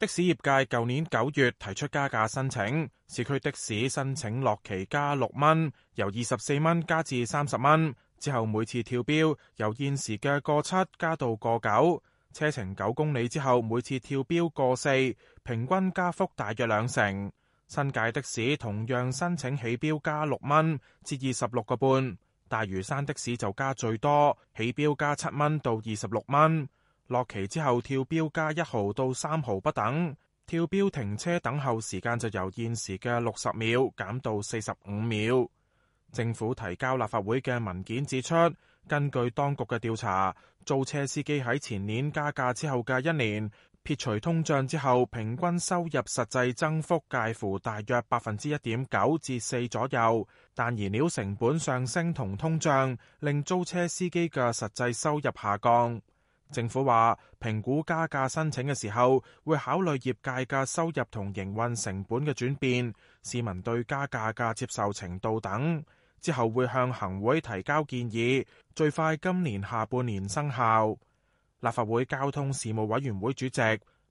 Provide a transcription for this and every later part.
的士業界舊年九月提出加價申請，市區的士申請落旗加六蚊，由二十四蚊加至三十蚊。之後每次跳錶，由現時嘅個七加到個九，車程九公里之後每次跳錶個四，平均加幅大約兩成。新界的士同樣申請起錶加六蚊至二十六個半，大嶼山的士就加最多，起錶加七蚊到二十六蚊。落旗之後跳標加一毫到三毫不等，跳標停車等候時間就由現時嘅六十秒減到四十五秒。政府提交立法會嘅文件指出，根據當局嘅調查，租車司機喺前年加價之後嘅一年，撇除通脹之後，平均收入實際增幅介乎大約百分之一點九至四左右。但燃料成本上升同通脹令租車司機嘅實際收入下降。政府話評估加價申請嘅時候，會考慮業界嘅收入同營運成本嘅轉變、市民對加價嘅接受程度等，之後會向行會提交建議，最快今年下半年生效。立法會交通事務委員會主席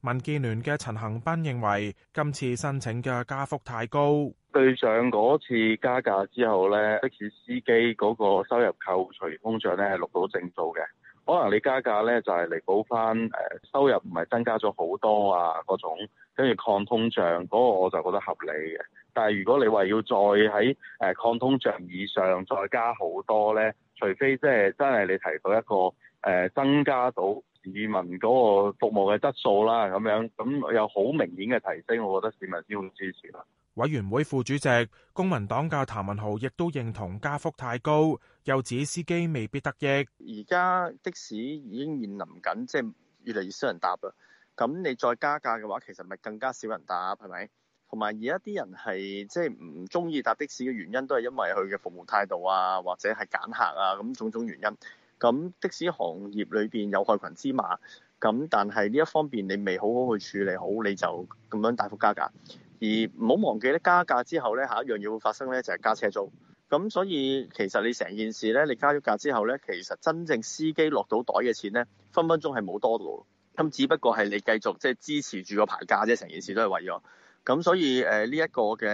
民建聯嘅陳恒鑌認為，今次申請嘅加幅太高。對上嗰次加價之後咧，的士司機嗰個收入扣除通脹咧係錄到正數嘅。可能你加價咧，就係、是、嚟補翻誒收入唔係增加咗好多啊嗰種，跟住抗通脹嗰、那個我就覺得合理嘅。但係如果你話要再喺誒抗通脹以上再加好多咧，除非即係真係你提到一個誒、呃、增加到市民嗰個服務嘅質素啦，咁樣咁有好明顯嘅提升，我覺得市民先會支持啦。委員會副主席、公民黨嘅譚文豪亦都認同加幅太高，又指司機未必得益。而家的士已經面臨緊，即係越嚟越少人搭啦。咁你再加價嘅話，其實咪更加少人搭，係咪？同埋而家啲人係即係唔中意搭的士嘅原因，都係因為佢嘅服務態度啊，或者係揀客啊，咁種種原因。咁的士行業裏邊有害群之馬，咁但係呢一方面你未好好去處理好，你就咁樣大幅加價。而唔好忘記咧，加價之後咧，下一樣嘢會發生咧，就係、是、加車租。咁所以其實你成件事咧，你加咗價之後咧，其實真正司機落到袋嘅錢咧，分分鐘係冇多到。咁只不過係你繼續即係、就是、支持住個牌價啫，成件事都係為咗。咁所以誒呢一個嘅誒的、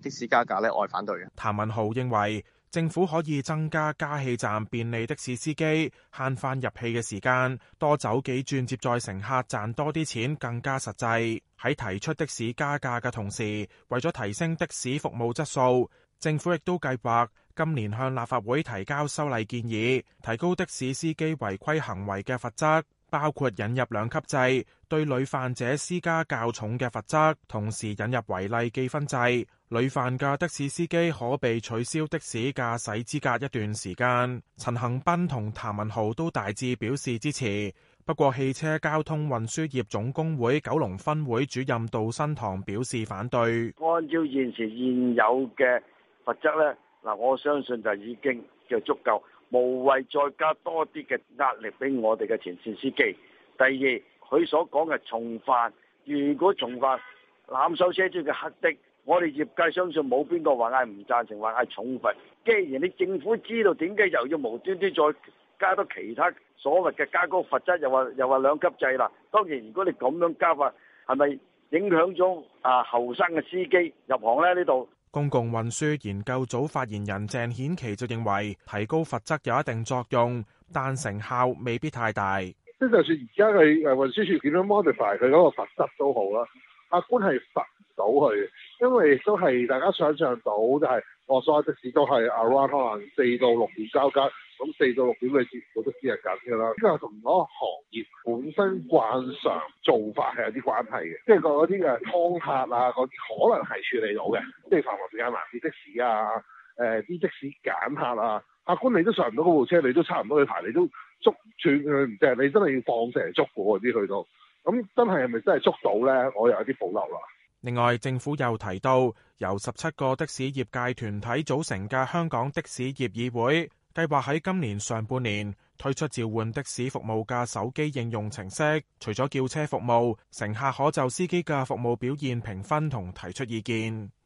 呃、士加價咧，我係反對嘅。譚文豪認為。政府可以增加加氣站便利的士司機慳翻入氣嘅時間，多走幾轉接載乘客賺多啲錢，更加實際。喺提出的士加價嘅同時，為咗提升的士服務質素，政府亦都計劃今年向立法會提交修例建議，提高的士司機違規行為嘅罰則，包括引入兩級制，對屢犯者施加較重嘅罰則，同時引入違例記分制。屢犯嘅的士司機可被取消的士駕駛資格一段時間。陳恒斌同譚文豪都大致表示支持，不過汽車交通運輸業總工會九龍分會主任杜新堂表示反對。按照現時現有嘅罰則呢，嗱，我相信就已經就足夠，無謂再加多啲嘅壓力俾我哋嘅前線司機。第二，佢所講嘅重犯，如果重犯濫收車租嘅黑的。我哋業界相信冇邊個話係唔贊成，話係重罰。既然你政府知道，點解又要無端端再加多其他所謂嘅加高罰則？又話又話兩級制啦。當然，如果你咁樣加法，係咪影響咗啊後生嘅司機入行咧？呢度公共運輸研究組發言人鄭顯奇就認為，提高罰則有一定作用，但成效未必太大。即就算而家佢誒運輸署點樣 modify 佢嗰個罰則都好啦。阿官係罰，到去，因為都係大家想象到，就是，就係我所有的士都係 around 可能四到六點交接，咁四到六點你接唔到的士係緊㗎啦。因為同嗰個行業本身慣常做法係有啲關係嘅，即係嗰啲嘅劏客啊，嗰啲可能係處理到嘅，即係繁忙時間難啲的士啊，誒、呃、啲的士揀客啊，客官你都上唔到嗰部車，你都差唔多去排，你都捉住佢唔正，你真係要放蛇捉嗰啲去到，咁真係係咪真係捉到咧？我又有啲保留啦。另外，政府又提到，由十七個的士業界團體組成嘅香港的士業議會，計劃喺今年上半年推出召喚的士服務嘅手機應用程式，除咗叫車服務，乘客可就司機嘅服務表現評分同提出意見。